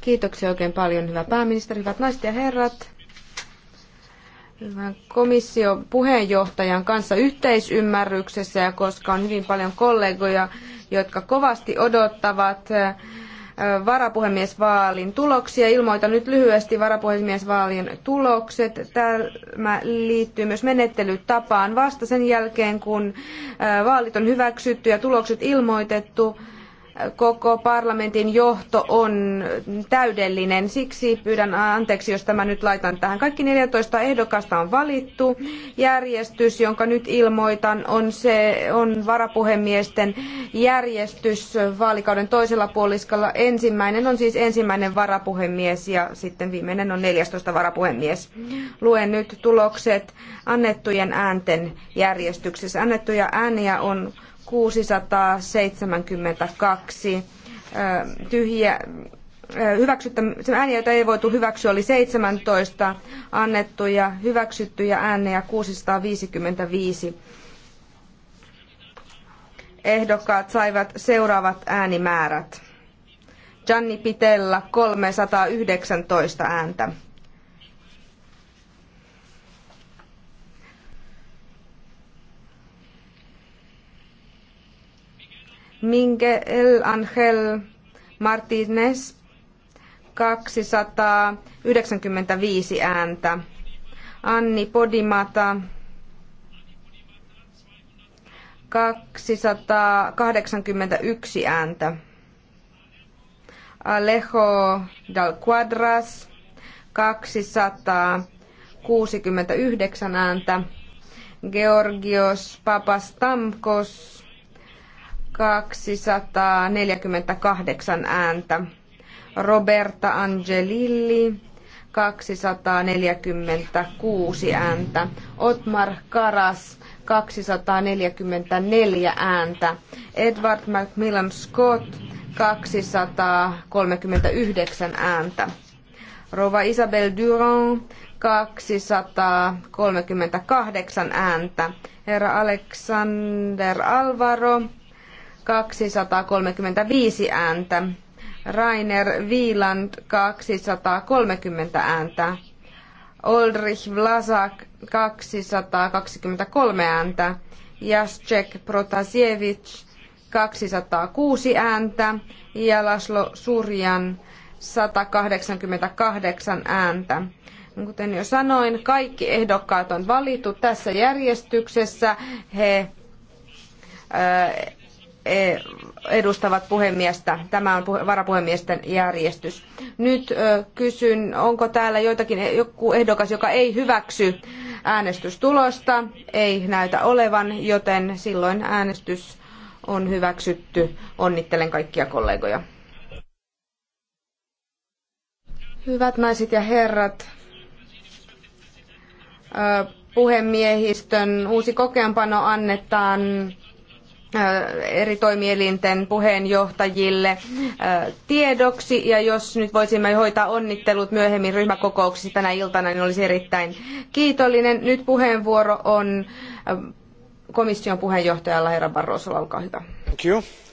Kiitoksia oikein paljon, hyvä pääministeri, hyvät naiset ja herrat. Hyvän komission puheenjohtajan kanssa yhteisymmärryksessä, ja koska on hyvin paljon kollegoja, jotka kovasti odottavat varapuhemiesvaalin tuloksia. Ilmoitan nyt lyhyesti varapuhemiesvaalin tulokset. Tämä liittyy myös menettelytapaan vasta sen jälkeen, kun vaalit on hyväksytty ja tulokset ilmoitettu koko parlamentin johto on täydellinen. Siksi pyydän anteeksi, jos tämä nyt laitan tähän. Kaikki 14 ehdokasta on valittu. Järjestys, jonka nyt ilmoitan, on, se, on varapuhemiesten järjestys vaalikauden toisella puoliskolla. Ensimmäinen on siis ensimmäinen varapuhemies ja sitten viimeinen on 14 varapuhemies. Luen nyt tulokset annettujen äänten järjestyksessä. Annettuja ääniä on 672. Tyhjä, hyväksyttä, ääniä, joita ei voitu hyväksyä, oli 17 annettuja hyväksyttyjä ääniä 655. Ehdokkaat saivat seuraavat äänimäärät. Gianni Pitella 319 ääntä. Mingel Angel Martinez 295 ääntä. Anni Podimata 281 ääntä. Alejo Dal Cuadras 269 ääntä. Georgios Papastamkos 248 ääntä. Roberta Angelilli 246 ääntä. Otmar Karas 244 ääntä. Edward Macmillan Scott 239 ääntä. Rova Isabel Durand 238 ääntä. Herra Alexander Alvaro 235 ääntä. Rainer Wieland 230 ääntä. Olrich Vlasak 223 ääntä. Jacek Protasiewicz 206 ääntä ja Laslo Surjan 188 ääntä. Kuten jo sanoin, kaikki ehdokkaat on valittu tässä järjestyksessä. He E, edustavat puhemiestä. Tämä on varapuhemiesten järjestys. Nyt kysyn, onko täällä joitakin, e, joku ehdokas, joka ei hyväksy äänestystulosta? Ei näytä olevan, joten silloin äänestys on hyväksytty. Onnittelen kaikkia kollegoja. Hyvät naiset ja herrat, puhemiehistön uusi kokeenpano annetaan eri toimielinten puheenjohtajille tiedoksi. Ja jos nyt voisimme hoitaa onnittelut myöhemmin ryhmäkokouksissa tänä iltana, niin olisi erittäin kiitollinen. Nyt puheenvuoro on komission puheenjohtajalla herra Barrosolla, olkaa hyvä. Kiitos.